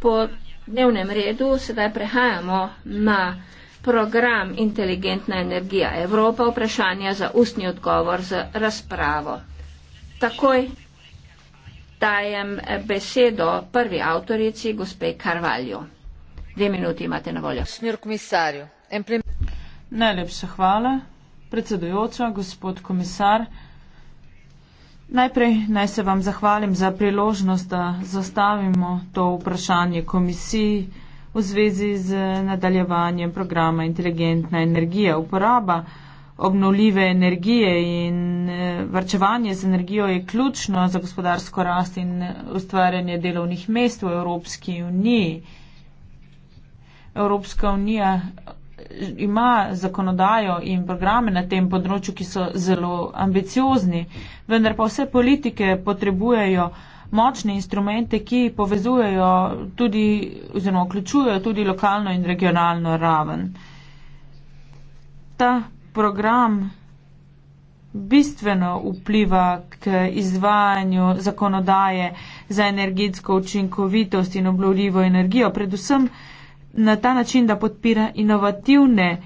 po dnevnem redu sedaj prehajamo na program Inteligentna energija Evropa vprašanja za ustni odgovor z razpravo. Takoj dajem besedo prvi avtorici, gospe Karvaljo. Dve minuti imate na voljo. Najlepša hvala, predsedujoča, gospod komisar. Najprej naj se vam zahvalim za priložnost, da zastavimo to vprašanje komisiji v zvezi z nadaljevanjem programa Inteligentna energija. Uporaba obnovljive energije in eh, vrčevanje z energijo je ključno za gospodarsko rast in ustvarjanje delovnih mest v Evropski uniji. Evropska unija ima zakonodajo in programe na tem področju, ki so zelo ambiciozni, vendar pa vse politike potrebujejo močne instrumente, ki povezujejo tudi oziroma vključujejo tudi lokalno in regionalno raven. Ta program bistveno vpliva k izvajanju zakonodaje za energetsko učinkovitost in obnovljivo energijo, predvsem na ta način, da podpira inovativne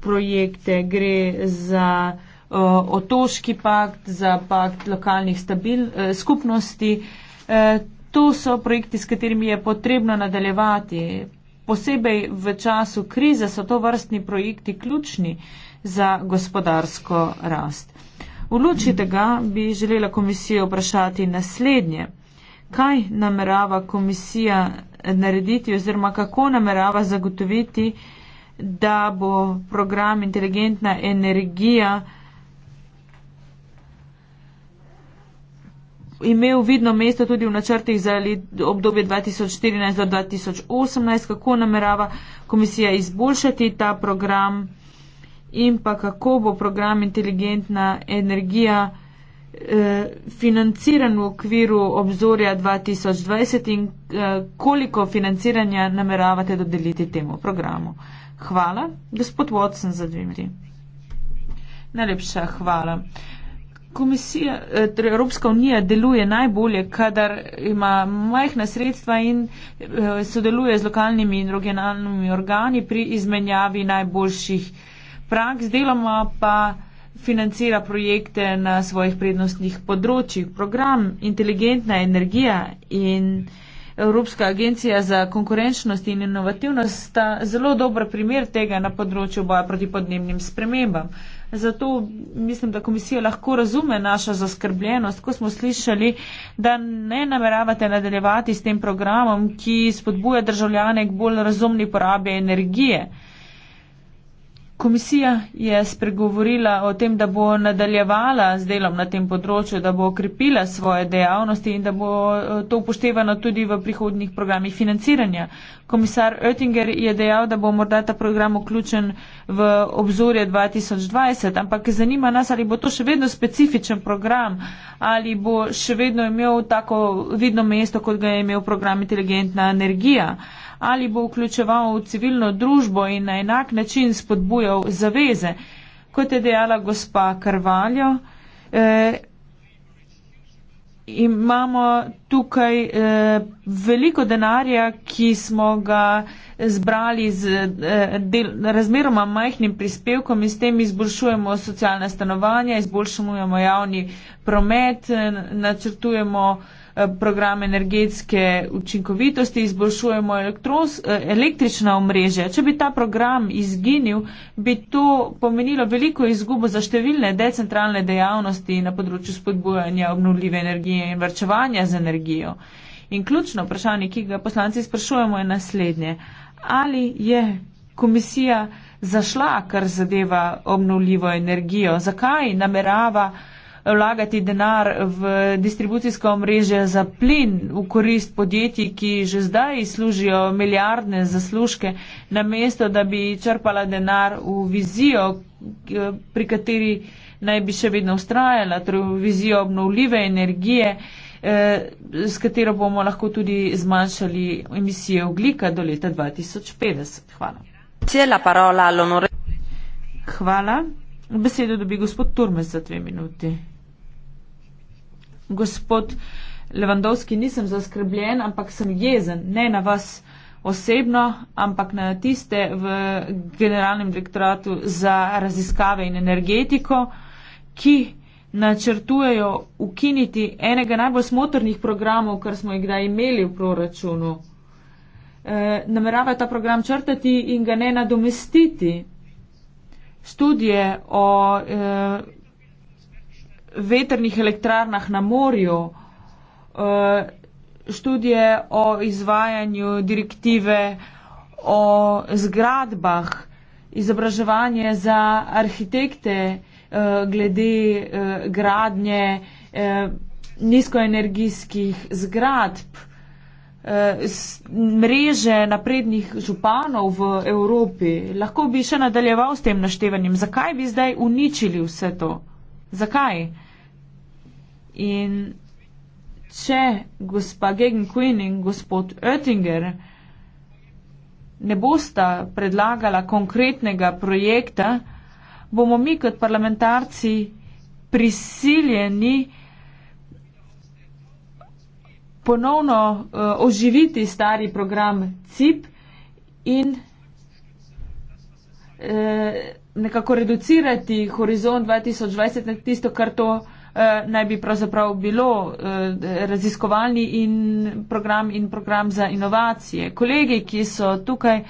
projekte, gre za uh, otoški pakt, za pakt lokalnih stabil, uh, skupnosti. Uh, to so projekti, s katerimi je potrebno nadaljevati. Posebej v času krize so to vrstni projekti ključni za gospodarsko rast. V luči tega bi želela komisijo vprašati naslednje kaj namerava komisija narediti oziroma kako namerava zagotoviti, da bo program inteligentna energija imel vidno mesto tudi v načrtih za obdobje 2014 do 2018, kako namerava komisija izboljšati ta program in pa kako bo program inteligentna energija Eh, financiran v okviru obzorja 2020 in eh, koliko financiranja nameravate dodeliti temu programu. Hvala, gospod Watson, za dve minuti. Najlepša hvala. Komisija, eh, torej Evropska unija deluje najbolje, kadar ima majhna sredstva in sodeluje z lokalnimi in regionalnimi organi pri izmenjavi najboljših praks. Deloma pa financira projekte na svojih prednostnih področjih. Program Inteligentna energija in Evropska agencija za konkurenčnost in inovativnost sta zelo dober primer tega na področju boja proti podnebnim spremembam. Zato mislim, da komisija lahko razume našo zaskrbljenost, ko smo slišali, da ne nameravate nadaljevati s tem programom, ki spodbuja državljane k bolj razumni porabi energije komisija je spregovorila o tem, da bo nadaljevala z delom na tem področju, da bo okrepila svoje dejavnosti in da bo eh, to upoštevano tudi v prihodnih programih financiranja. Komisar Oettinger je dejal, da bo morda ta program vključen v obzorje 2020, ampak zanima nas, ali bo to še vedno specifičen program, ali bo še vedno imel tako vidno mesto, kot ga je imel program Inteligentna energija ali bo vključeval v civilno družbo in na enak način spodbujal zaveze, kot je dejala gospa Karvaljo. E, imamo tukaj e, veliko denarja, ki smo ga zbrali z e, del, razmeroma majhnim prispevkom in s tem izboljšujemo socialne stanovanja, izboljšujemo javni promet, e, načrtujemo e, program energetske učinkovitosti, izboljšujemo elektros, električna omrežja. Če bi ta program izginil, bi to pomenilo veliko izgubo za številne decentralne dejavnosti na področju spodbujanja obnovljive energije in vrčevanja z energijo. In ključno vprašanje, ki ga poslanci sprašujemo, je naslednje. Ali je komisija zašla, kar zadeva obnovljivo energijo? Zakaj namerava vlagati denar v distribucijsko omrežje za plin v korist podjetij, ki že zdaj služijo milijardne zaslužke, namesto da bi črpala denar v vizijo, eh, pri kateri naj bi še vedno ustrajala, torej v vizijo obnovljive energije, eh, s katero bomo lahko tudi zmanjšali emisije oglika do leta 2050. Hvala. Cela parola, Lonore. Hvala. Besedo dobi gospod Turmes za dve minuti gospod Levandovski, nisem zaskrbljen, ampak sem jezen, ne na vas osebno, ampak na tiste v Generalnem direktoratu za raziskave in energetiko, ki načrtujejo ukiniti enega najbolj smotrnih programov, kar smo jih kdaj imeli v proračunu. E, Nameravajo ta program črtati in ga ne nadomestiti. Študije o e, vetrnih elektrarnah na morju, eh, študije o izvajanju direktive o zgradbah, izobraževanje za arhitekte eh, glede eh, gradnje nizkoenergijskih zgradb, mreže naprednih županov v Evropi. Lahko bi še nadaljeval s tem naštevanjem. Zakaj bi zdaj uničili vse to? Zakaj? In če gospa Gegenquin in gospod Oettinger ne bosta predlagala konkretnega projekta, bomo mi kot parlamentarci prisiljeni ponovno uh, oživiti stari program CIP in uh, nekako reducirati horizont 2020 na tisto, kar to Eh, naj bi pravzaprav bilo eh, raziskovalni in program in program za inovacije. Kolegi, ki so tukaj,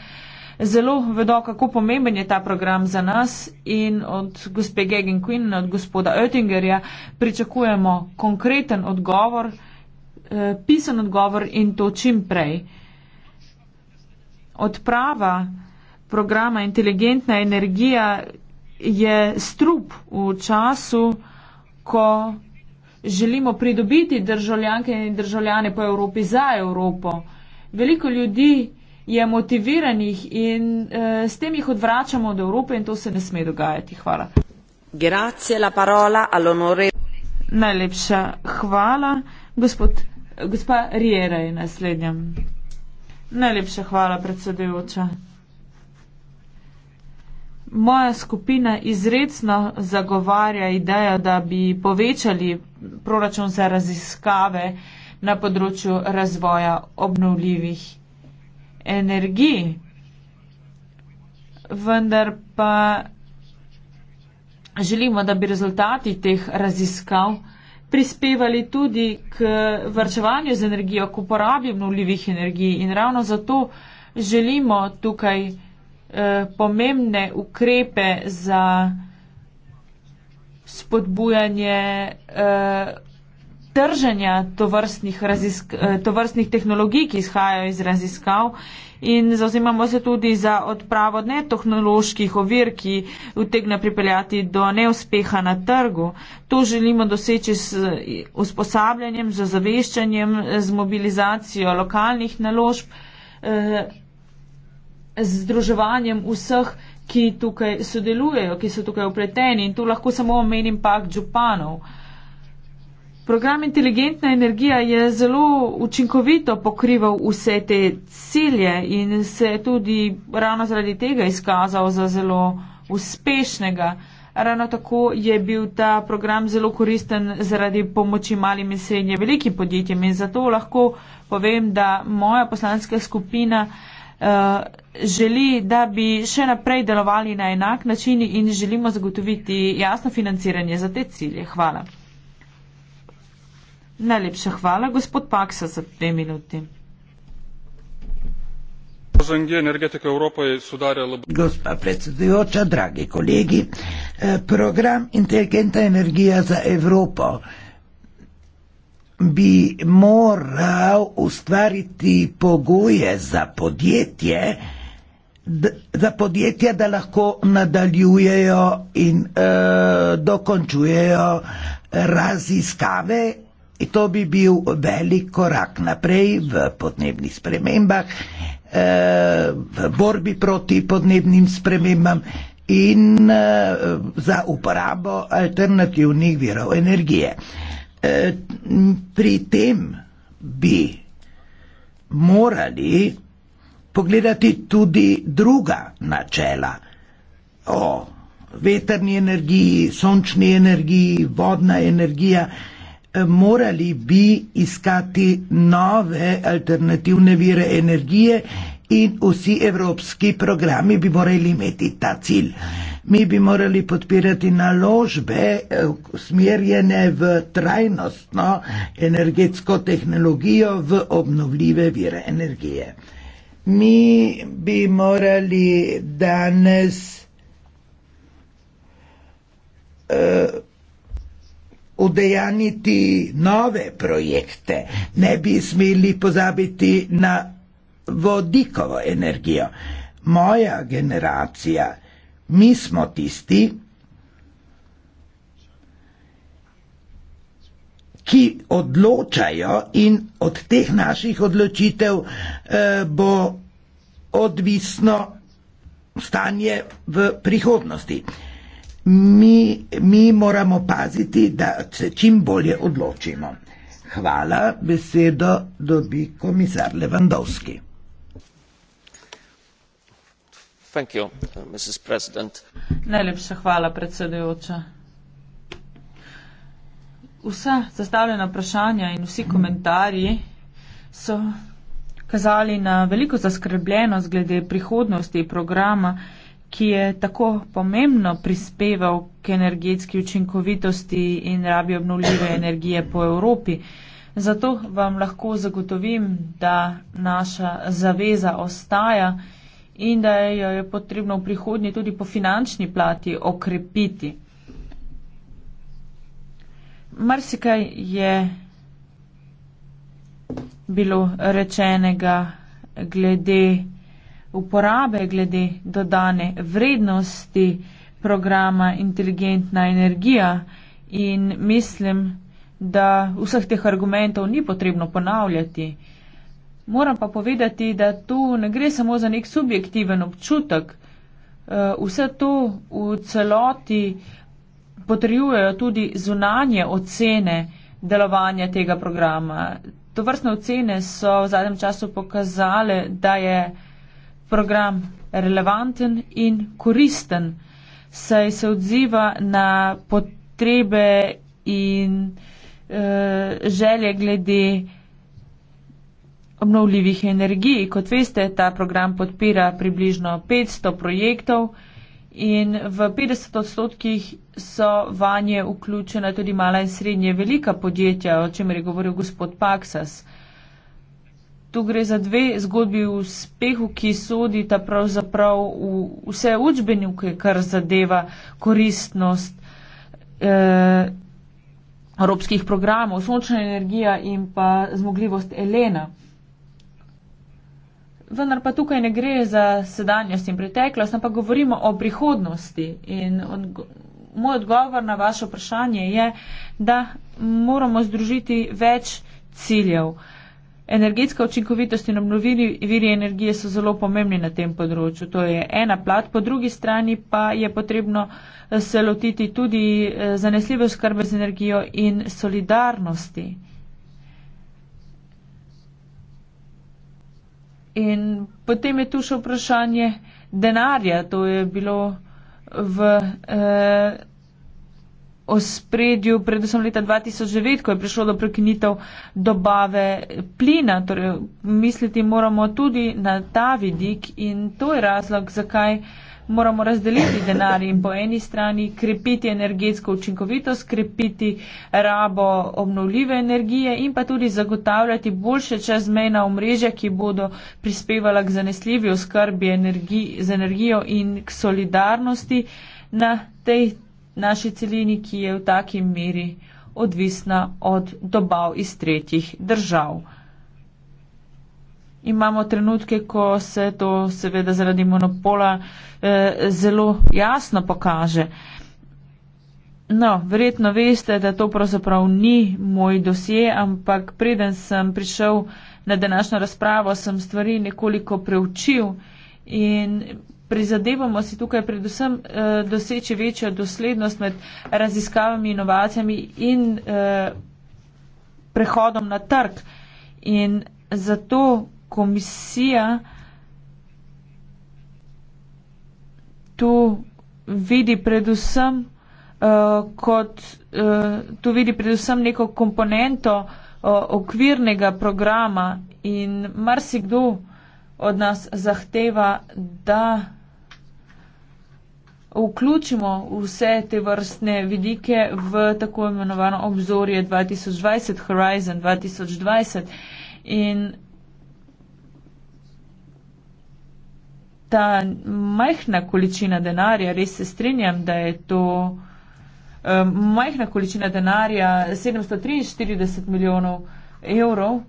zelo vedo, kako pomemben je ta program za nas in od gospe Gegen Queen in od gospoda Oettingerja pričakujemo konkreten odgovor, eh, pisan odgovor in to čim prej. Odprava programa inteligentna energija je strup v času, ko želimo pridobiti državljanke in državljane po Evropi za Evropo. Veliko ljudi je motiviranih in eh, s tem jih odvračamo od Evrope in to se ne sme dogajati. Hvala. Najlepša hvala. Gospod, gospa Riera je naslednja. Najlepša hvala, predsedujoča. Moja skupina izredno zagovarja idejo, da bi povečali proračun za raziskave na področju razvoja obnovljivih energij. Vendar pa želimo, da bi rezultati teh raziskav prispevali tudi k vrčevanju z energijo, k uporabi obnovljivih energij in ravno zato želimo tukaj Eh, pomembne ukrepe za spodbujanje eh, trženja tovrstnih, razisk, eh, tovrstnih tehnologij, ki izhajajo iz raziskav in zauzimamo se tudi za odpravo netehnoloških ovir, ki utegna pripeljati do neuspeha na trgu. To želimo doseči s usposabljanjem, z zaveščanjem, z mobilizacijo lokalnih naložb. Eh, z združevanjem vseh, ki tukaj sodelujejo, ki so tukaj upleteni in tu lahko samo omenim pak županov. Program Inteligentna energija je zelo učinkovito pokrival vse te cilje in se je tudi ravno zaradi tega izkazal za zelo uspešnega. Ravno tako je bil ta program zelo koristen zaradi pomoči malim in srednje velikim podjetjem in zato lahko povem, da moja poslanska skupina želi, da bi še naprej delovali na enak način in želimo zagotoviti jasno financiranje za te cilje. Hvala. Najlepša hvala, gospod Paksa, za dve minuti. Gospa predsedujoča, dragi kolegi, eh, program Inteligentna energija za Evropo bi moral ustvariti pogoje za podjetje, za podjetje, da lahko nadaljujejo in uh, dokončujejo raziskave. In to bi bil velik korak naprej v podnebnih spremembah, eh, v borbi proti podnebnim spremembam in eh, za uporabo alternativnih virov energije. E, pri tem bi morali pogledati tudi druga načela o vetrni energiji, sončni energiji, vodna energija. E, morali bi iskati nove alternativne vire energije in vsi evropski programi bi morali imeti ta cilj. Mi bi morali podpirati naložbe eh, smerjene v trajnostno energetsko tehnologijo, v obnovljive vire energije. Mi bi morali danes eh, udejaniti uh, nove projekte. Ne bi smeli pozabiti na vodikovo energijo. Moja generacija, mi smo tisti, ki odločajo in od teh naših odločitev eh, bo odvisno stanje v prihodnosti. Mi, mi moramo paziti, da se čim bolje odločimo. Hvala, besedo dobi komisar Levandovski. Uh, Najlepša hvala, predsedujoča. Vsa zastavljena vprašanja in vsi komentarji so kazali na veliko zaskrbljenost glede prihodnosti programa, ki je tako pomembno prispeval k energetski učinkovitosti in rabi obnovljive energije po Evropi. Zato vam lahko zagotovim, da naša zaveza ostaja in in da jo je potrebno v prihodnje tudi po finančni plati okrepiti. Marsikaj je bilo rečenega glede uporabe, glede dodane vrednosti programa Inteligentna energija in mislim, da vseh teh argumentov ni potrebno ponavljati. Moram pa povedati, da to ne gre samo za nek subjektiven občutek. Eh, vse to v celoti potrjujejo tudi zunanje ocene delovanja tega programa. To vrstne ocene so v zadnjem času pokazale, da je program relevanten in koristen, saj se odziva na potrebe in e, želje glede obnovljivih energij. Kot veste, ta program podpira približno 500 projektov in v 50 odstotkih so vanje vključena tudi mala in srednje velika podjetja, o čemer je govoril gospod Paksas. Tu gre za dve zgodbi v uspehu, ki sodita pravzaprav v vse učbenike, kar zadeva koristnost eh, evropskih programov, sončna energija in pa zmogljivost Elena. Vendar pa tukaj ne gre za sedanjost in preteklost, ampak govorimo o prihodnosti. In odgo moj odgovor na vaše vprašanje je, da moramo združiti več ciljev. Energetska učinkovitost in obnovili viri energije so zelo pomembni na tem področju. To je ena plat, po drugi strani pa je potrebno eh, se lotiti tudi eh, zanesljive skrbe z energijo in solidarnosti. In potem je tu še vprašanje denarja. To je bilo v eh, ospredju predvsem leta 2009, ko je prišlo do prekinitev dobave plina. Torej, misliti moramo tudi na ta vidik in to je razlog, zakaj moramo razdeliti denar in po eni strani krepiti energetsko učinkovitost, krepiti rabo obnovljive energije in pa tudi zagotavljati boljše čezmejna omrežja, ki bodo prispevala k zanesljivi oskrbi energi, z energijo in k solidarnosti na tej naši celini, ki je v taki meri odvisna od dobav iz tretjih držav imamo trenutke, ko se to seveda zaradi monopola eh, zelo jasno pokaže. No, verjetno veste, da to pravzaprav ni moj dosje, ampak preden sem prišel na današnjo razpravo, sem stvari nekoliko preučil in prizadevamo si tukaj predvsem eh, doseči večjo doslednost med raziskavami, inovacijami in eh, prehodom na trg. In zato komisija tu vidi predvsem uh, kot uh, eh, tu vidi predvsem neko komponento uh, okvirnega programa in marsikdo od nas zahteva, da vključimo vse te vrstne vidike v tako imenovano obzorje 2020, Horizon 2020. In ta majhna količina denarja, res se strinjam, da je to um, majhna količina denarja, 743 milijonov evrov, uh,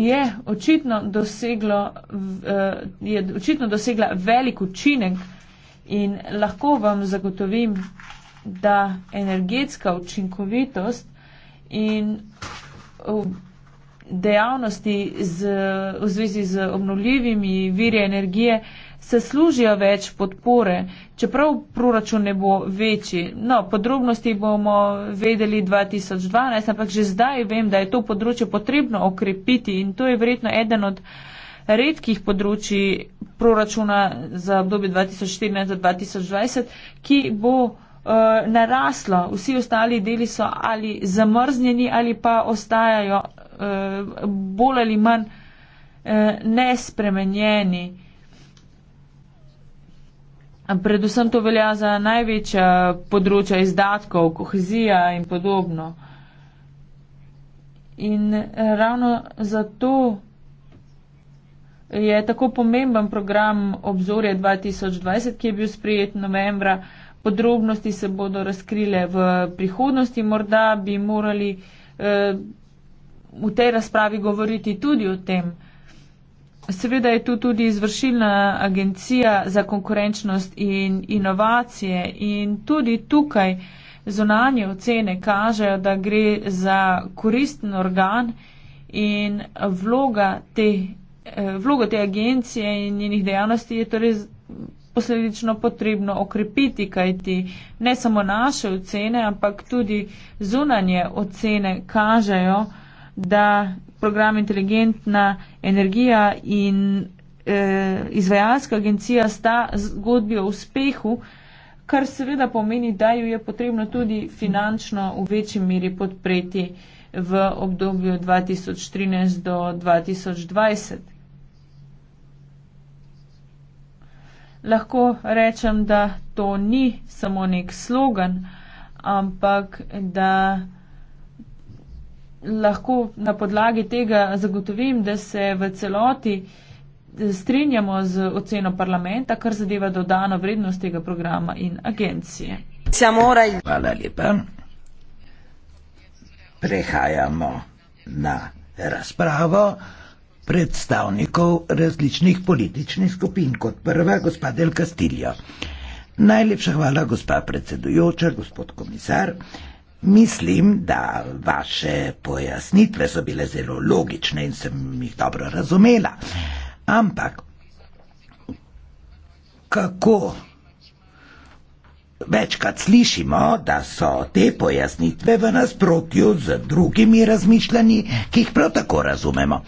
je, očitno doseglo, uh, je očitno dosegla velik učinek in lahko vam zagotovim, da energetska učinkovitost in uh, dejavnosti z, v zvezi z obnovljivimi viri energije se služijo več podpore, čeprav proračun ne bo večji. No, podrobnosti bomo vedeli 2012, ampak že zdaj vem, da je to področje potrebno okrepiti in to je verjetno eden od redkih področji proračuna za obdobje 2014-2020, ki bo uh, naraslo. Vsi ostali deli so ali zamrznjeni ali pa ostajajo bolj ali manj eh, nespremenjeni. Predvsem to velja za največja področja izdatkov, kohezija in podobno. In eh, ravno zato je tako pomemben program obzorja 2020, ki je bil sprejet novembra. Podrobnosti se bodo razkrile v prihodnosti, morda bi morali eh, v tej razpravi govoriti tudi o tem. Seveda je tu tudi izvršilna agencija za konkurenčnost in inovacije in tudi tukaj zonanje ocene kažejo, da gre za koristen organ in vloga te, eh, vlogo te agencije in njenih dejavnosti je torej posledično potrebno okrepiti, kajti ne samo naše ocene, ampak tudi zunanje ocene kažejo, da program Inteligentna energija in e, izvajalska agencija sta zgodbi o uspehu, kar seveda pomeni, da ju je potrebno tudi finančno v večji meri podpreti v obdobju 2013 do 2020. Lahko rečem, da to ni samo nek slogan, ampak da lahko na podlagi tega zagotovim, da se v celoti eh, strinjamo z oceno parlamenta, kar zadeva dodano vrednost tega programa in agencije. Hvala lepa. Prehajamo na razpravo predstavnikov različnih političnih skupin. Kot prva, gospa Del Castillo. Najlepša hvala, gospa predsedujoča, gospod komisar. Mislim, da vaše pojasnitve so bile zelo logične in sem jih dobro razumela. Ampak, kako Večkrat slišimo, da so te pojasnitve v nasprotju z drugimi razmišljanji, ki jih prav tako razumemo.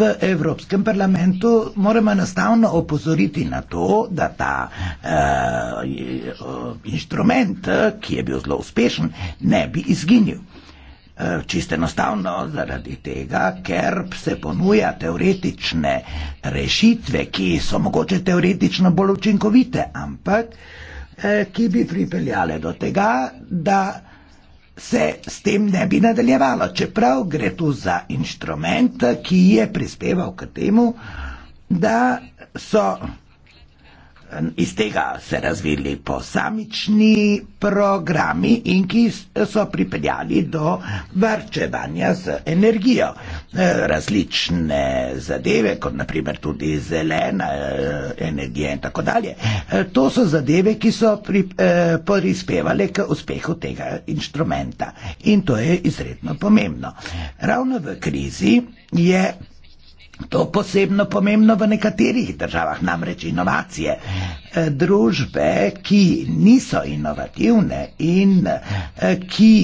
V Evropskem parlamentu moramo enostavno opozoriti na to, da ta eh, inštrument, ki je bil zelo uspešen, ne bi izginil. Eh, čisto enostavno zaradi tega, ker se ponuja teoretične rešitve, ki so mogoče teoretično bolj učinkovite, ampak. Eh, ki bi pripeljale do tega, da se s tem ne bi nadaljevalo. Čeprav gre tu za inštrument, ki je prispeval k temu, da so Iz tega se razvili posamični programi in ki so pripeljali do varčevanja z energijo. Različne zadeve, kot naprimer tudi zelena eh, energija in tako dalje, eh, to so zadeve, ki so pri, eh, prispevale k uspehu tega inštrumenta in to je izredno pomembno. Ravno v krizi je To je posebno pomembno v nekaterih državah, namreč inovacije. E, družbe, ki niso inovativne in e, ki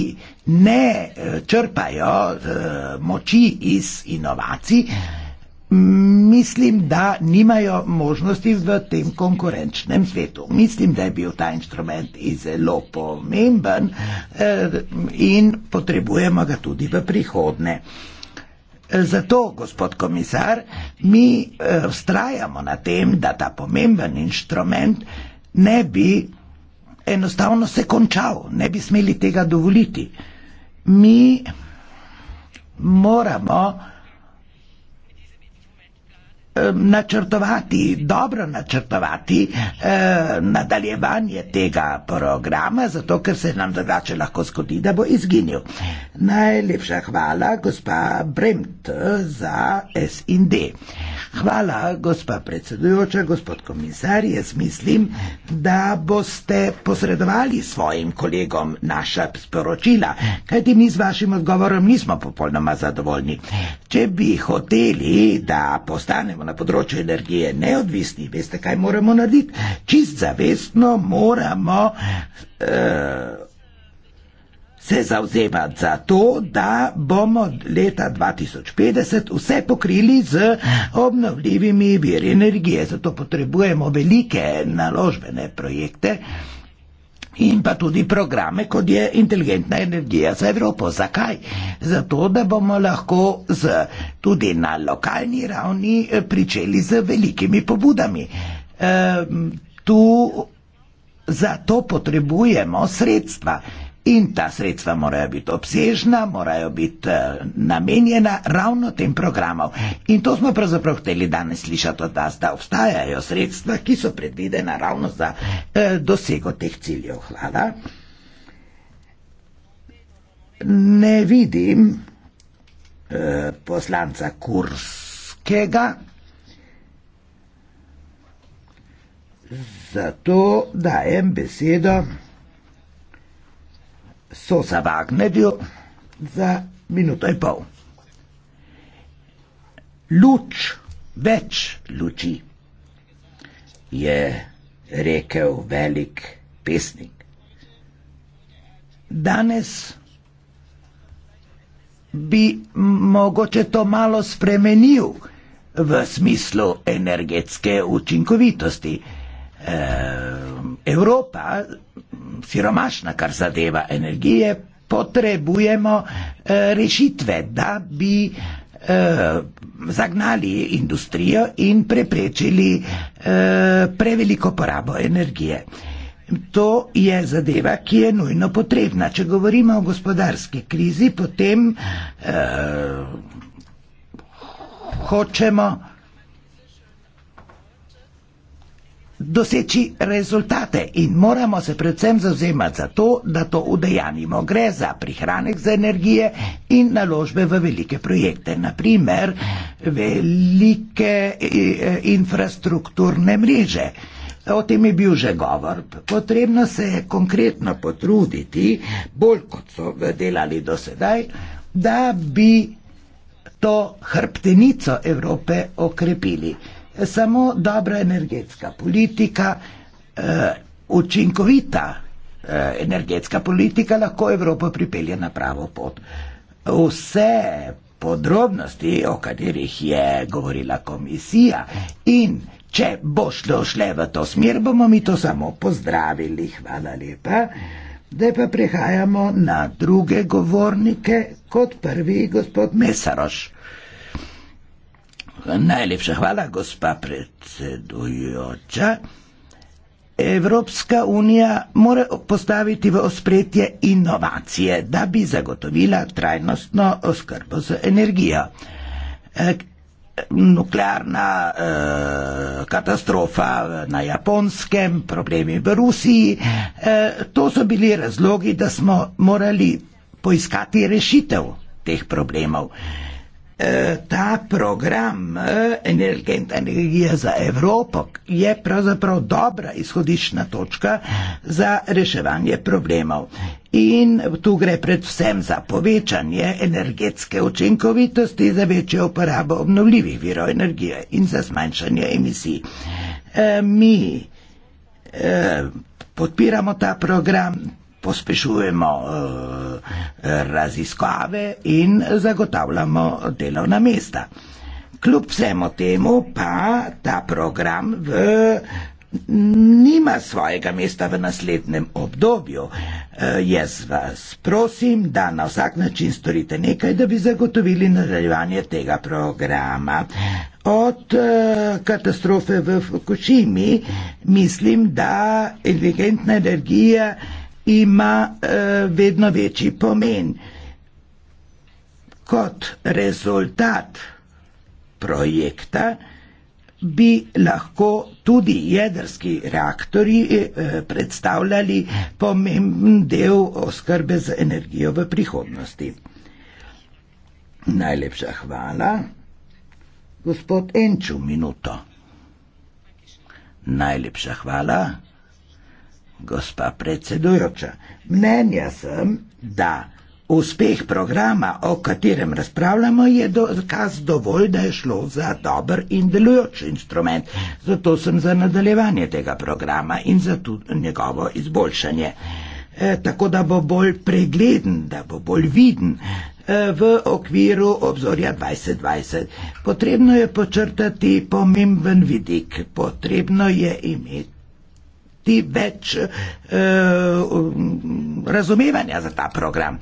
ne e, črpajo moči iz inovacij, mislim, da nimajo možnosti v tem konkurenčnem svetu. Mislim, da je bil ta instrument zelo pomemben in potrebujemo ga tudi v prihodnje. Zato, gospod komisar, mi eh, vztrajamo na tem, da ta pomemben inštrument ne bi enostavno se končal, ne bi smeli tega dovoliti. Mi moramo Eh, načrtovati, dobro načrtovati eh, nadaljevanje tega programa, zato ker se nam drugače lahko zgodi, da bo izginil. Najlepša hvala, gospa Bremt, za SND. Hvala, gospa predsedujoča, gospod komisar, jaz mislim, da boste posredovali svojim kolegom naša sporočila, kajti mi z vašim odgovorom nismo popolnoma zadovoljni. Če bi hoteli, da postanemo smo na področju energije neodvisni, veste, kaj moramo narediti? Čist zavestno moramo uh, se zauzemati za to, da bomo leta 2050 vse pokrili z obnovljivimi viri energije. Zato potrebujemo velike naložbene projekte. Uh, in pa tudi programe, kot je inteligentna energija za Evropo. Zakaj? Zato, da bomo lahko z, tudi na lokalni ravni eh, pričeli z velikimi pobudami. E, tu za to potrebujemo sredstva. In ta sredstva morajo biti obsežna, morajo biti eh, namenjena ravno tem programom. In to smo pravzaprav hteli danes slišati od vas, da obstajajo sredstva, ki so predvidena ravno za eh, dosego teh ciljev. Hvala. Ne vidim eh, poslanca Kurskega. Zato dajem besedo so zavagnedil za minuto in pol. Luč, več luči, je rekel velik pesnik. Danes bi mogoče to malo spremenil v smislu energetske učinkovitosti. Ehm, Evropa, siromašna, kar zadeva energije, potrebujemo eh, rešitve, da bi eh, zagnali industrijo in preprečili eh, preveliko porabo energije. To je zadeva, ki je nujno potrebna. Če govorimo o gospodarski krizi, potem eh, hočemo eh, doseči rezultate in moramo se predvsem zauzemati za to, da to udejanimo. Gre za prihranek za energije in naložbe v velike projekte, naprimer velike eh, infrastrukturne mreže. O tem je bil že govor. Potrebno se je konkretno potruditi, bolj kot so delali do sedaj, da bi to hrbtenico Evrope okrepili. Samo dobra energetska politika, eh, učinkovita eh, energetska politika lahko Evropo pripelje na pravo pot. Vse podrobnosti, o katerih je govorila komisija in če bo šlo šle v to smer, bomo mi to samo pozdravili. Hvala lepa. Zdaj pa prehajamo na druge govornike, kot prvi gospod Mesaroš. Najlepša hvala, gospa predsedujoča. Evropska unija mora postaviti v ospredje inovacije, da bi zagotovila trajnostno oskrbo z energijo. E, nuklearna eh, katastrofa na Japonskem, problemi v Rusiji, eh, to so bili razlogi, da smo morali poiskati rešitev teh problemov. Eh, ta program eh, Energenta energija za Evropo je pravzaprav dobra izhodišna točka za reševanje problemov. In tu gre predvsem za povečanje energetske učinkovitosti, za večjo uporabo obnovljivih virov energije in za zmanjšanje emisij. Eh, mi eh, podpiramo ta program, pospešujemo eh, raziskave in zagotavljamo delovna mesta. Kljub vsemu temu pa ta program v, nima svojega mesta v naslednjem obdobju. Eh, jaz vas prosim, da na vsak način storite nekaj, da bi zagotovili nadaljevanje tega programa. Od eh, katastrofe v Fukushimi mislim, da inteligentna energija ima uh, vedno večji pomen. Kot rezultat projekta bi lahko tudi jedrski reaktori eh, predstavljali pomemben del oskrbe z energijo v prihodnosti. Najlepša hvala. Gospod Enču, minuto. Najlepša hvala. Gospa predsedujoča, mnenja sem, da uspeh programa, o katerem razpravljamo, je dokaz dovolj, da je šlo za dober in delujoč instrument. Zato sem za nadaljevanje tega programa in za tudi njegovo izboljšanje. E, tako da bo bolj pregleden, da bo bolj viden e, v okviru obzorja 2020. Potrebno je počrtati pomemben vidik, potrebno je imeti ti več uh, razumevanja za ta program.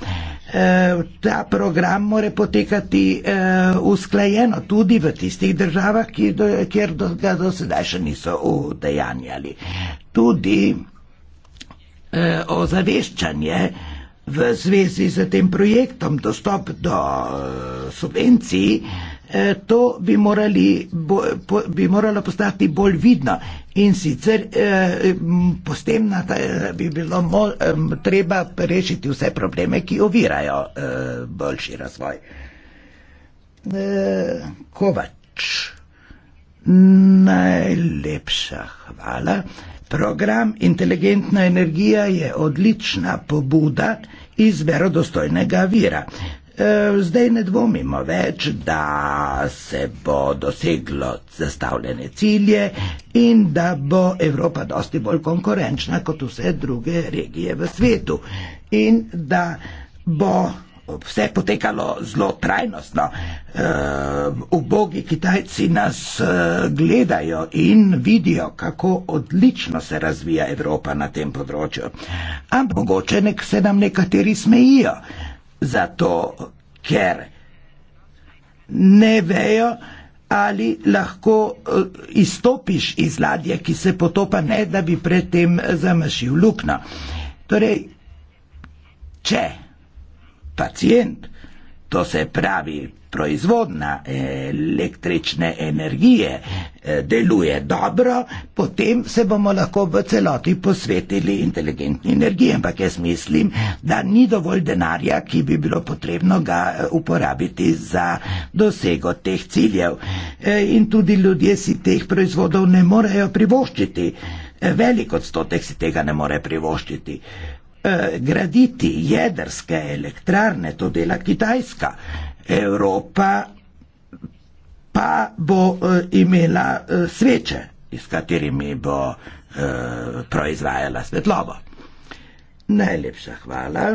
Eh, ta program mora potekati eh, usklajeno tudi v tistih državah, kjer ga do sedaj še niso udejanjali. Tudi ozaveščanje v zvezi z tem projektom, dostop do subvencij, Eh, to bi, morali, bo, po, bi morala postati bolj vidna in sicer eh, postemna, da eh, bi bilo mo, treba rešiti vse probleme, ki ovirajo boljši razvoj. Kovač, najlepša hvala. Program Inteligentna energija je odlična pobuda iz verodostojnega vira. E, zdaj ne dvomimo več, da se bo doseglo zastavljene cilje in da bo Evropa dosti bolj konkurenčna kot vse druge regije v svetu in da bo vse potekalo zelo trajnostno. E, ubogi Kitajci nas e, gledajo in vidijo, kako odlično se razvija Evropa na tem področju. Ampak mogoče nek se nam nekateri smejijo zato ker ne vejo, ali lahko eh, izstopiš iz ladje, ki se potopa, ne da bi predtem eh, zamašil luknjo. Torej, če pacijent To se pravi, proizvodna eh, električne energije eh, deluje dobro, potem se bomo lahko v celoti posvetili inteligentni energiji, ampak jaz mislim, da ni dovolj denarja, ki bi bilo potrebno ga eh, uporabiti za dosego teh ciljev. In tudi ljudje si teh proizvodov ne morejo privoščiti. Velik odstotek si tega ne more privoščiti. Eh, graditi jedrske elektrarne, to dela Kitajska. Evropa pa bo eh, imela eh, sveče, iz katerimi bo proizvajala svetlobo. Najlepša hvala.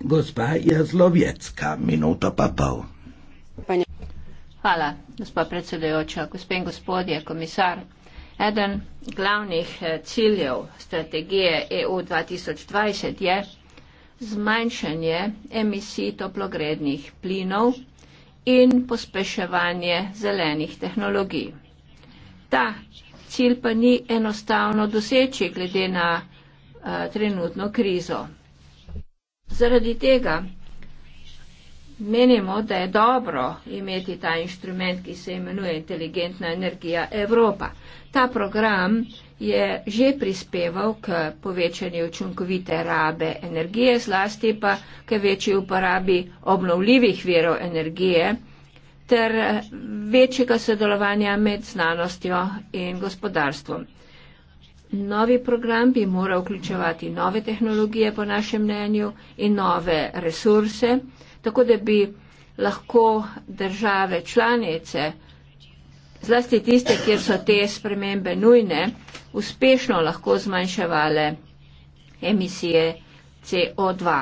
Gospa Jazlovjecka, minuto pa pol. Hvala, gospa predsedujoča, gospe in gospodje, komisar. Eden glavnih eh, ciljev strategije EU 2020 je zmanjšanje emisij toplogrednih plinov in pospeševanje zelenih tehnologij. Ta cilj pa ni enostavno doseči glede na uh, trenutno krizo. Zaradi tega menimo, da je dobro imeti ta inštrument, ki se imenuje inteligentna energija Evropa. Ta program je že prispeval k povečanju učinkovite rabe energije, zlasti pa k večji uporabi obnovljivih virov energije ter eh, večjega sodelovanja med znanostjo in gospodarstvom. Novi program bi moral vključevati nove tehnologije, po našem mnenju, in nove resurse, tako da bi lahko države članice zlasti tiste, kjer so te spremembe nujne, uspešno lahko zmanjševale emisije CO2.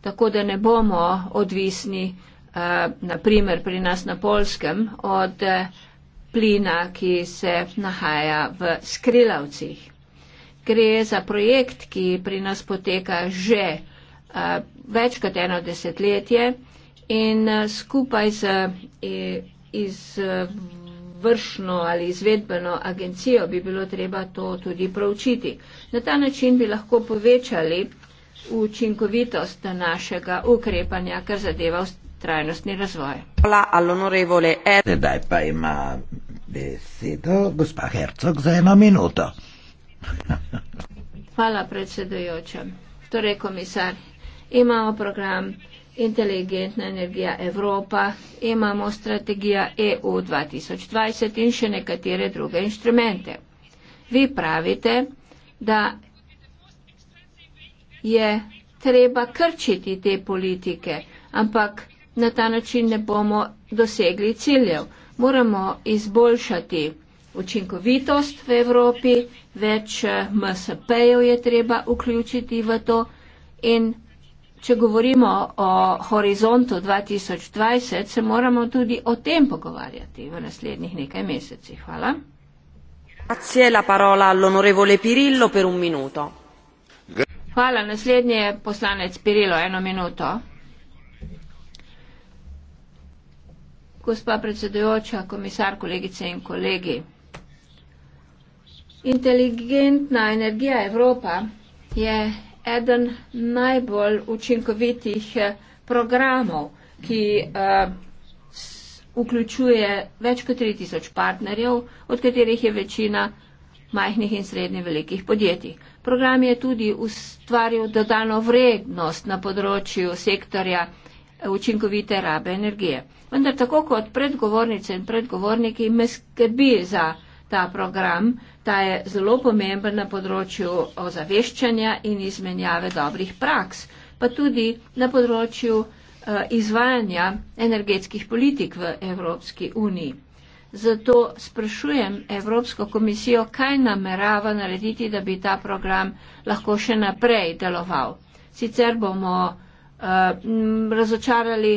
Tako da ne bomo odvisni, eh, naprimer pri nas na Polskem, od eh, plina, ki se nahaja v skrilavcih. Gre za projekt, ki pri nas poteka že eh, več kot eno desetletje in skupaj z izvršno ali izvedbeno agencijo bi bilo treba to tudi proučiti. Na ta način bi lahko povečali učinkovitost našega ukrepanja, kar zadeva trajnostni razvoj. Hvala, alonorevole. Sedaj pa ima besedo gospa Hercog za eno minuto. Hvala, predsedujoča. Torej, komisar, imamo program inteligentna energija Evropa, imamo strategija EU 2020 in še nekatere druge inštrumente. Vi pravite, da je treba krčiti te politike, ampak na ta način ne bomo dosegli ciljev. Moramo izboljšati učinkovitost v Evropi, več eh, MSP-jev je treba vključiti v to in če govorimo o horizontu 2020, se moramo tudi o tem pogovarjati v naslednjih nekaj mesecih. Hvala. Grazie, la parola all'onorevole Pirillo per un minuto. Hvala, naslednji je poslanec Pirillo, eno minuto. Gospa predsedujoča, komisar, kolegice in kolegi. Inteligentna energija Evropa je eden najbolj učinkovitih eh, programov, ki eh, vključuje več kot 3000 partnerjev, od katerih je večina majhnih in srednje velikih podjetij. Program je tudi ustvaril dodano vrednost na področju sektorja eh, učinkovite rabe energije. Vendar tako kot predgovornice in predgovorniki me skrbi za ta program, ta je zelo pomemben na področju ozaveščanja in izmenjave dobrih praks, pa tudi na področju eh, izvajanja energetskih politik v Evropski uniji. Zato sprašujem Evropsko komisijo, kaj namerava narediti, da bi ta program lahko še naprej deloval. Sicer bomo uh, razočarali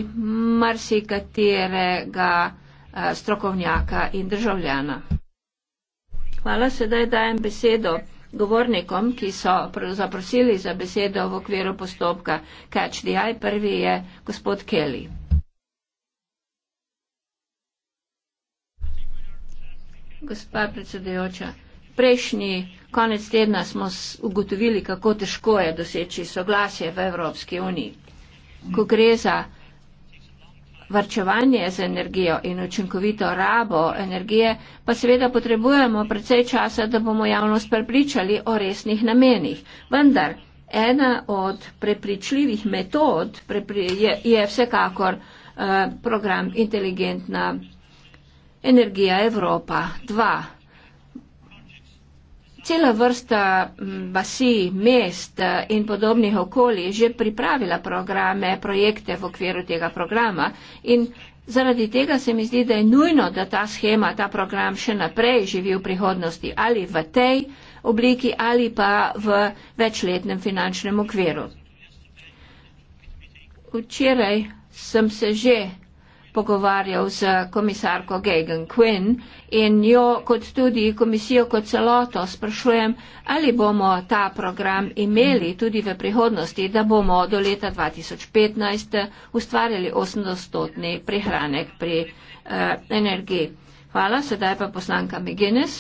marsikaterega uh, strokovnjaka in državljana. Hvala, sedaj dajem besedo govornikom, ki so zaprosili za besedo v okviru postopka Catch the Eye. Prvi je gospod Kelly. Gospa predsedujoča, prejšnji konec tedna smo ugotovili, kako težko je doseči soglasje v Evropski uniji. Ko gre za varčevanje z energijo in učinkovito rabo energije, pa seveda potrebujemo precej časa, da bomo javnost prepričali o resnih namenih. Vendar, ena od prepričljivih metod prepri, je, je vsekakor eh, program Inteligentna energija Evropa 2 cela vrsta mm, vasi, mest eh, in podobnih okolij že pripravila programe, projekte v okviru tega programa in zaradi tega se mi zdi, da je nujno, da ta schema, ta program še naprej živi v prihodnosti ali v tej obliki ali pa v večletnem finančnem okviru. Včeraj sem se že pogovarjal z komisarko Gagan Quinn in jo kot tudi komisijo kot celoto sprašujem, ali bomo ta program imeli tudi v prihodnosti, da bomo do leta 2015 ustvarjali 80-stotni prihranek pri eh, energiji. Hvala, sedaj pa poslanka McGuinness.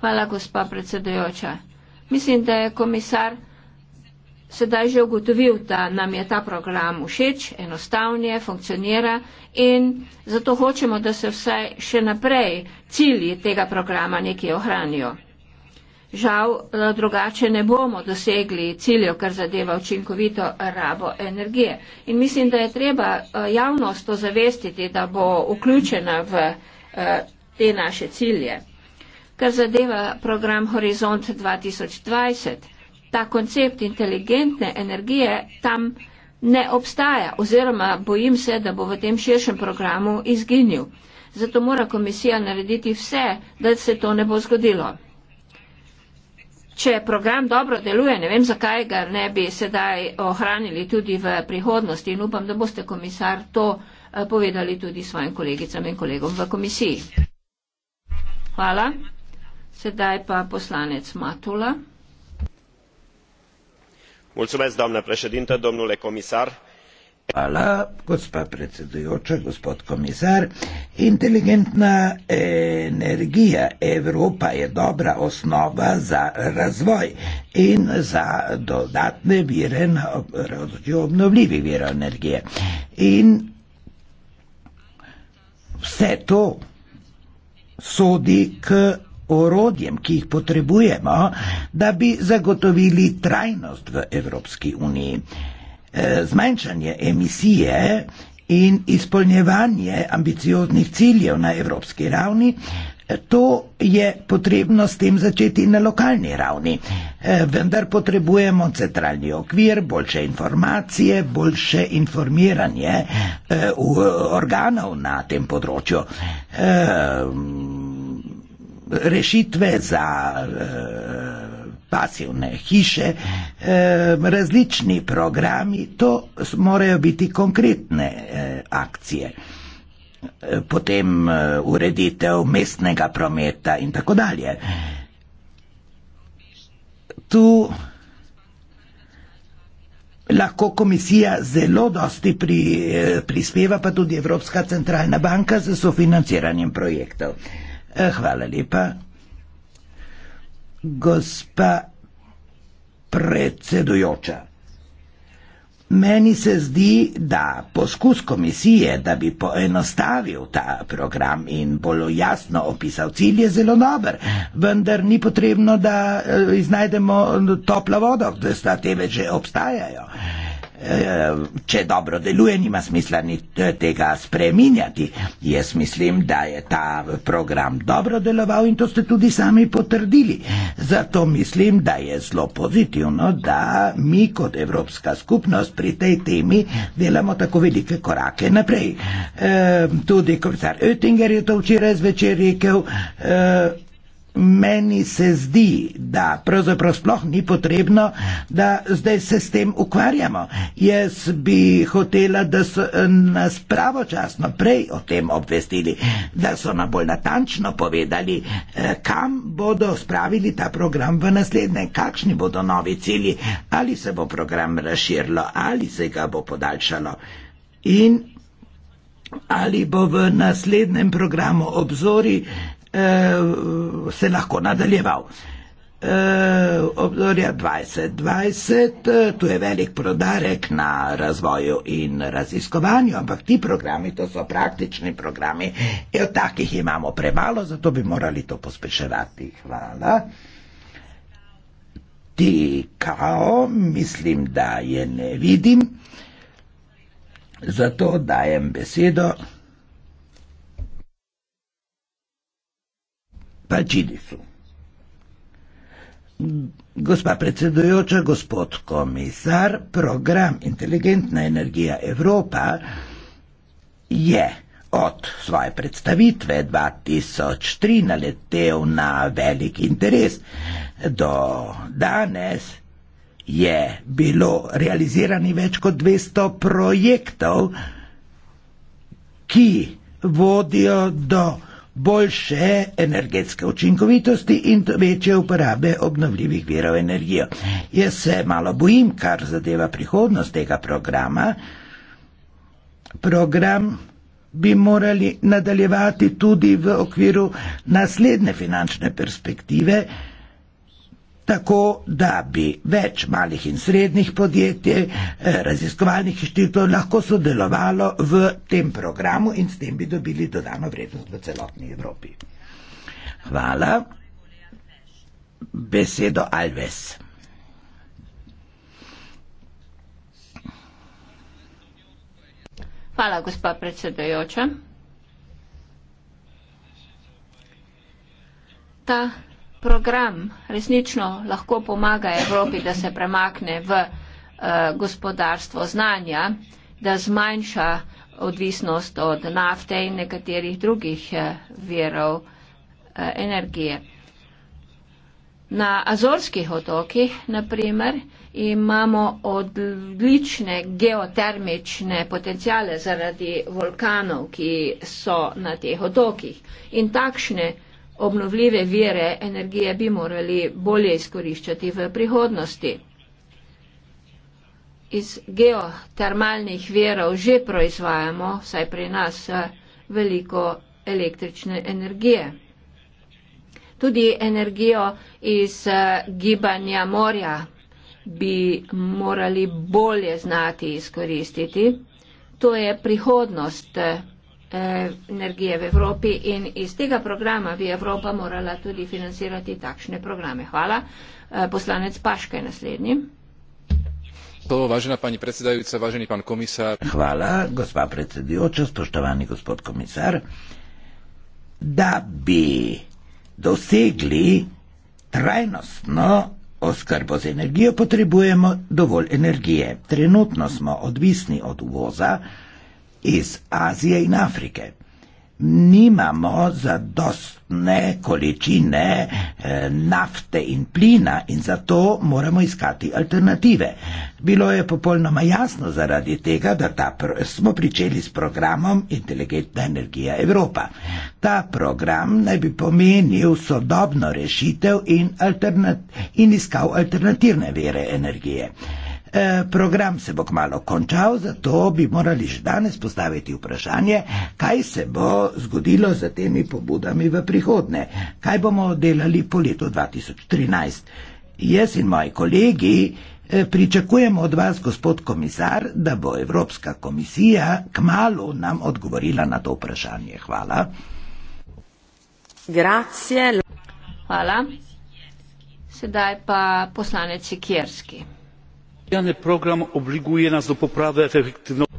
Hvala, gospa predsedujoča. Mislim, da je komisar sedaj že ugotovil, da nam je ta program všeč, enostavnje, funkcionira in zato hočemo, da se vsaj še naprej cilji tega programa nekje ohranijo. Žal, eh, drugače ne bomo dosegli ciljev, kar zadeva učinkovito rabo energije. In mislim, da je treba eh, javnost to zavestiti, da bo vključena v eh, te naše cilje. Kar zadeva program Horizont 2020 ta koncept inteligentne energije tam ne obstaja oziroma bojim se, da bo v tem širšem programu izginil. Zato mora komisija narediti vse, da se to ne bo zgodilo. Če program dobro deluje, ne vem, zakaj ga ne bi sedaj ohranili tudi v prihodnosti in upam, da boste komisar to eh, povedali tudi svojim kolegicam in kolegom v komisiji. Hvala. Sedaj pa poslanec Matula doamnă președintă, domnule comisar Hvala, gospa predsedujoča, gospod komisar. Inteligentna energija Evropa je dobra osnova za razvoj in za dodatne vire, obnovljivi vire energije. In vse to sodi k orodjem, ki jih potrebujemo, da bi zagotovili trajnost v Evropski uniji. Eh, zmanjšanje emisije in izpolnjevanje ambicioznih ciljev na evropski ravni, eh, to je potrebno s tem začeti na lokalni ravni. Eh, vendar potrebujemo centralni okvir, boljše informacije, boljše informiranje organov na tem področju rešitve za eh, pasivne hiše, eh, različni programi, to morajo biti konkretne eh, akcije. Potem ureditev mestnega prometa in tako dalje. Tu lahko komisija zelo dosti pri, prispeva, pa tudi Evropska centralna banka z sofinanciranjem projektov. Eh, hvala lepa. Gospa predsedujoča, meni se zdi, da poskus komisije, da bi poenostavil ta program in bolj jasno opisal cilj, je zelo dober, vendar ni potrebno, da eh, iznajdemo topla voda, da sta te veže obstajajo. Eh, če dobro deluje, nima smisla ni eh, tega spreminjati. Jaz mislim, da je ta eh, program dobro deloval in to ste tudi sami potrdili. Zato mislim, da je zelo pozitivno, da mi kot Evropska skupnost pri tej temi delamo tako velike korake naprej. Tudi komisar Oettinger je to včeraj zvečer rekel. Meni se zdi, da pravzaprav sploh ni potrebno, da zdaj se s tem ukvarjamo. Jaz bi hotela, da so eh, nas pravočasno prej o tem obvestili, da so nam bolj natančno povedali, eh, kam bodo spravili ta program v naslednje, kakšni bodo novi cilji, ali se bo program razširilo, ali se ga bo podaljšalo. In Ali bo v naslednjem programu obzori Eh, se lahko nadaljeval. Obdobje 2020, tu je velik prodarek na razvoju in raziskovanju, ampak ti programi, to so praktični programi, in takih imamo premalo, zato bi morali to pospeševati. Hvala. Ti kao, mislim, da je ne vidim, zato dajem besedo. Pačili so. Gospa predsedujoča, gospod komisar, program Inteligentna energija Evropa je od svoje predstavitve 2003 naletel na velik interes. Do danes je bilo realizirani več kot 200 projektov, ki vodijo do boljše energetske učinkovitosti in večje uporabe obnovljivih virov energije. Jaz se malo bojim, kar zadeva prihodnost tega programa. Program bi morali nadaljevati tudi v okviru naslednje finančne perspektive, tako da bi več malih in srednjih podjetij, eh, raziskovalnih inštitutov lahko sodelovalo v tem programu in s tem bi dobili dodano vrednost v celotni Evropi. Hvala. Besedo Alves. Hvala, gospod predsedajoča. Ta program resnično lahko pomaga Evropi, da se premakne v eh, gospodarstvo znanja, da zmanjša odvisnost od nafte in nekaterih drugih eh, verov eh, energije. Na Azorskih otokih, naprimer, imamo odlične geotermične potencijale zaradi vulkanov, ki so na teh otokih. In takšne obnovljive vire energije bi morali bolje izkoriščati v prihodnosti. Iz geotermalnih virov že proizvajamo, saj pri nas, veliko električne energije. Tudi energijo iz gibanja morja bi morali bolje znati izkoristiti. To je prihodnost Eh, energije v Evropi in iz tega programa bi Evropa morala tudi financirati takšne programe. Hvala. Eh, poslanec Paške naslednji. Slovo, vážená pani predsedajúca, vážený pán komisár. Hvala, gospa predsedujúca, spoštovaný gospod komisár. Da bi dosegli trajnostno oskrbo z energijo, potrebujemo dovolj energije. Trenutno smo odvisni od uvoza, iz Azije in Afrike. Nimamo zadostne količine eh, nafte in plina in zato moramo iskati alternative. Bilo je popolnoma jasno zaradi tega, da pro... smo pričeli s programom Inteligentna energija Evropa. Ta program naj bi pomenil sodobno rešitev in, alternat... in iskal alternativne vere energije. E, program se bo kmalo končal, zato bi morali že danes postaviti vprašanje, kaj se bo zgodilo z temi pobudami v prihodne, kaj bomo delali po letu 2013. Jaz in moji kolegi e, pričakujemo od vas, gospod komisar, da bo Evropska komisija kmalo nam odgovorila na to vprašanje. Hvala. Grazie. Hvala. Sedaj pa poslanec Sikerski omawiany program obliguje nas do poprawy efektywności.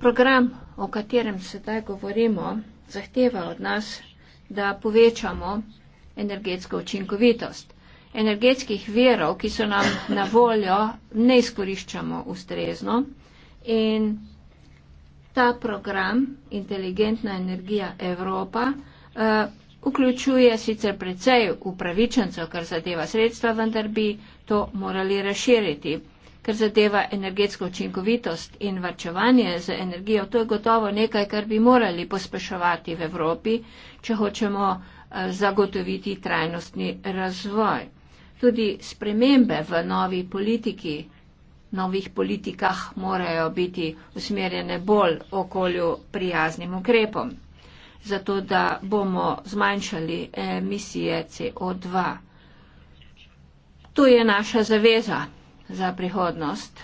Program, o którym zdaj govorimo, zahteva od nas, da povečamo energetsko učinkovitost. Energetskih virov, ki so nam na voljo, ne izkoriščamo ustrezno in ta program, inteligentna energija Evropa, eh, vključuje sicer precej upravičencev, kar zadeva sredstva, vendar bi to morali razširiti. Kar zadeva energetsko učinkovitost in varčevanje z energijo, to je gotovo nekaj, kar bi morali pospeševati v Evropi, če hočemo eh, zagotoviti trajnostni razvoj. Tudi spremembe v novi politiki, novih politikah morajo biti usmerjene bolj okolju prijaznim ukrepom zato da bomo zmanjšali emisije CO2. To je naša zaveza za prihodnost.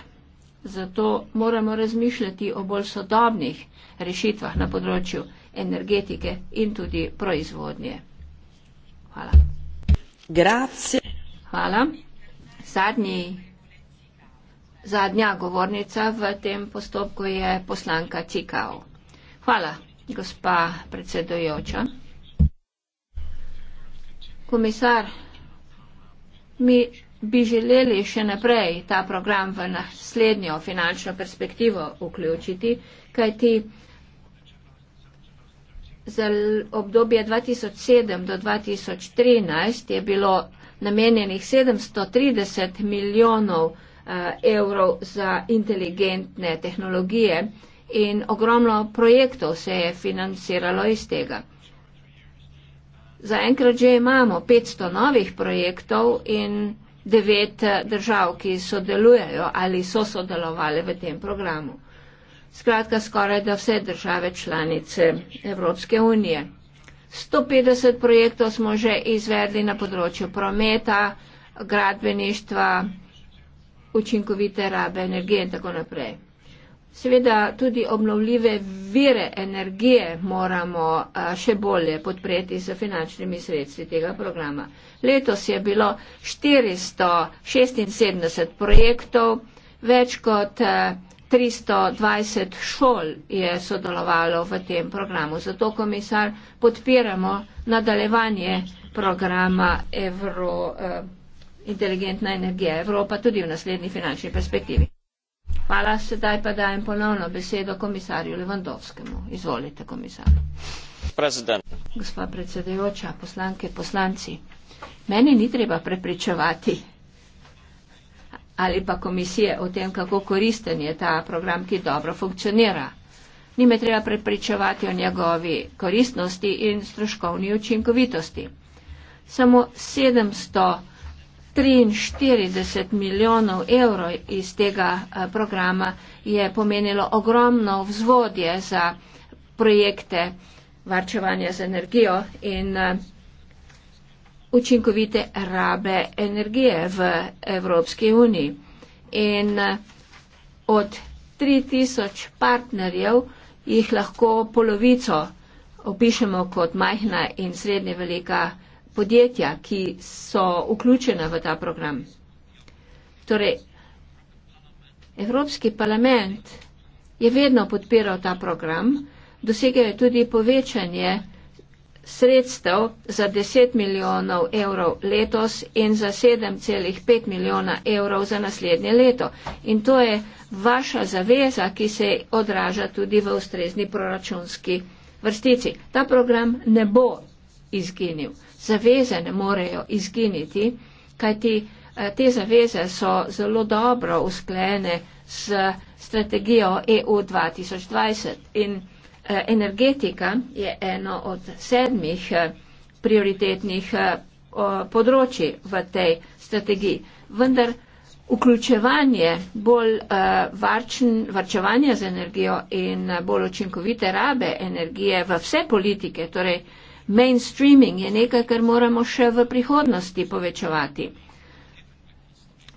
Zato moramo razmišljati o bolj sodobnih rešitvah na področju energetike in tudi proizvodnje. Hvala. Grazie. Hvala. Zadnji, zadnja govornica v tem postopku je poslanka Cikao. Hvala. Gospa predsedujoča, komisar, mi bi želeli še naprej ta program v naslednjo finančno perspektivo vključiti, kajti za obdobje 2007 do 2013 je bilo namenjenih 730 milijonov eh, evrov za inteligentne tehnologije in ogromno projektov se je financiralo iz tega. Zaenkrat že imamo 500 novih projektov in devet eh, držav, ki sodelujejo ali so sodelovali v tem programu. Skratka, skoraj da vse države članice Evropske unije. 150 projektov smo že izvedli na področju prometa, gradbeništva, učinkovite rabe energije in tako naprej. Seveda tudi obnovljive vire energije moramo še bolje podpreti z finančnimi sredstvi tega programa. Letos je bilo 476 projektov, več kot 320 šol je sodelovalo v tem programu. Zato, komisar, podpiramo nadaljevanje programa Evro, inteligentna energija Evropa tudi v naslednji finančni perspektivi. Hvala, sedaj pa dajem ponovno besedo komisarju Levandovskemu. Izvolite, komisar. President. Gospa predsedujoča, poslanke, poslanci, meni ni treba prepričevati ali pa komisije o tem, kako koristen je ta program, ki dobro funkcionira. Ni me treba prepričevati o njegovi koristnosti in stroškovni učinkovitosti. Samo 700 43 milijonov evrov iz tega eh, programa je pomenilo ogromno vzvodje za projekte varčevanja z energijo in eh, učinkovite rabe energije v Evropski uniji. In eh, od 3000 partnerjev jih lahko polovico opišemo kot majhna in srednje velika podjetja, ki so vključena v ta program. Torej, Evropski parlament je vedno podpiral ta program, dosegel je tudi povečanje sredstev za 10 milijonov evrov letos in za 7,5 milijona evrov za naslednje leto. In to je vaša zaveza, ki se odraža tudi v ustrezni proračunski vrstici. Ta program ne bo izginil zaveze ne morejo izginiti, kajti eh, te zaveze so zelo dobro usklene s strategijo EU 2020 in eh, energetika je eno od sedmih eh, prioritetnih področji v tej strategiji. Vendar vključevanje bolj varčen, varčevanja z energijo in bolj učinkovite rabe energije v vse politike, torej mainstreaming je nekaj, kar moramo še v prihodnosti povečevati.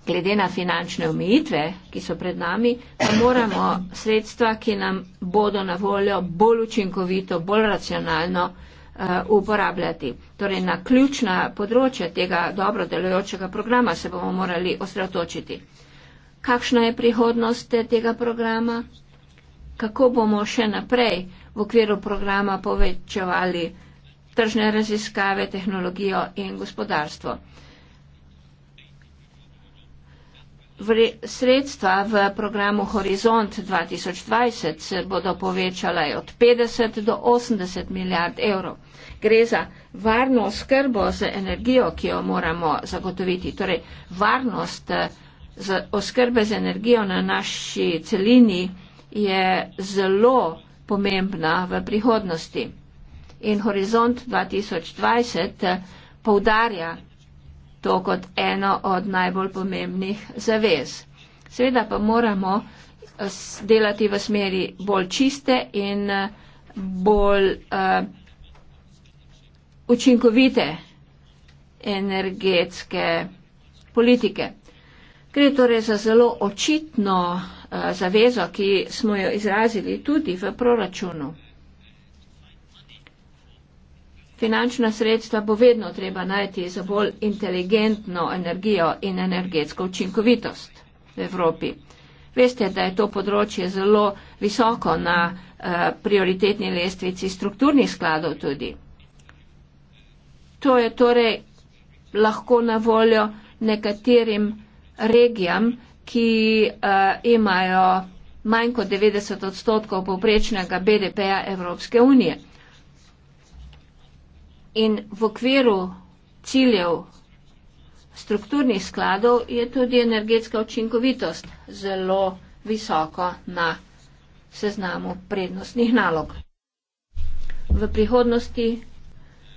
Glede na finančne omejitve, ki so pred nami, pa moramo sredstva, ki nam bodo na voljo, bolj učinkovito, bolj racionalno uh, uporabljati. Torej, na ključna področja tega dobro delujočega programa se bomo morali osredotočiti. Kakšna je prihodnost tega programa? Kako bomo še naprej v okviru programa povečevali uh, tržne raziskave, tehnologijo in gospodarstvo. Vre, sredstva v programu Horizont 2020 se bodo povečala od 50 do 80 milijard evrov. Gre za varno oskrbo z energijo, ki jo moramo zagotoviti, torej varnost eh, z oskrbe z energijo na naši celini je zelo pomembna v prihodnosti in Horizont 2020 eh, poudarja to kot eno od najbolj pomembnih zavez. Sveda pa moramo eh, delati v smeri bolj čiste in eh, bolj uh, učinkovite energetske politike. Gre torej za zelo očitno uh, zavezo, ki smo jo izrazili tudi v proračunu. Finančna sredstva bo vedno treba najti za bolj inteligentno energijo in energetsko učinkovitost v Evropi. Veste, da je to področje zelo visoko na uh, prioritetni lestvici strukturnih skladov tudi. To je torej lahko na voljo nekaterim regijam, ki uh, imajo manj kot 90 odstotkov povprečnega BDP-ja Evropske unije. In v okviru ciljev strukturnih skladov je tudi energetska učinkovitost zelo visoko na seznamu prednostnih nalog. V prihodnosti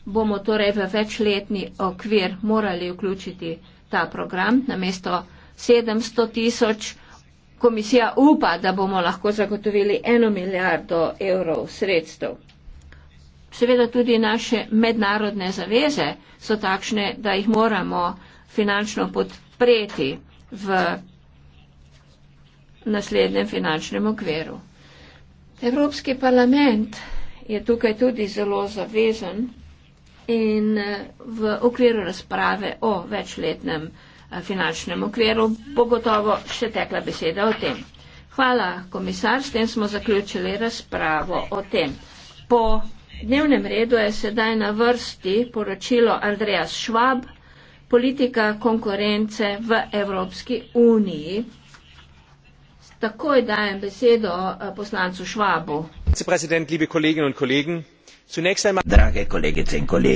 bomo torej v večletni okvir morali vključiti ta program. Na mesto 700 tisoč komisija upa, da bomo lahko zagotovili eno milijardo evrov sredstev. Seveda tudi naše mednarodne zaveze so takšne, da jih moramo finančno podpreti v naslednjem finančnem okviru. Evropski parlament je tukaj tudi zelo zavezan in eh, v okviru razprave o večletnem eh, finančnem okviru bo gotovo še tekla beseda o tem. Hvala, komisar, s tem smo zaključili razpravo o tem. Po dnevnem redu je sedaj na vrsti poročilo Andreas Schwab, politika konkurence v Evropski uniji. Takoj dajem besedo eh, poslancu Schwabu. Drage kolegice in kolegi,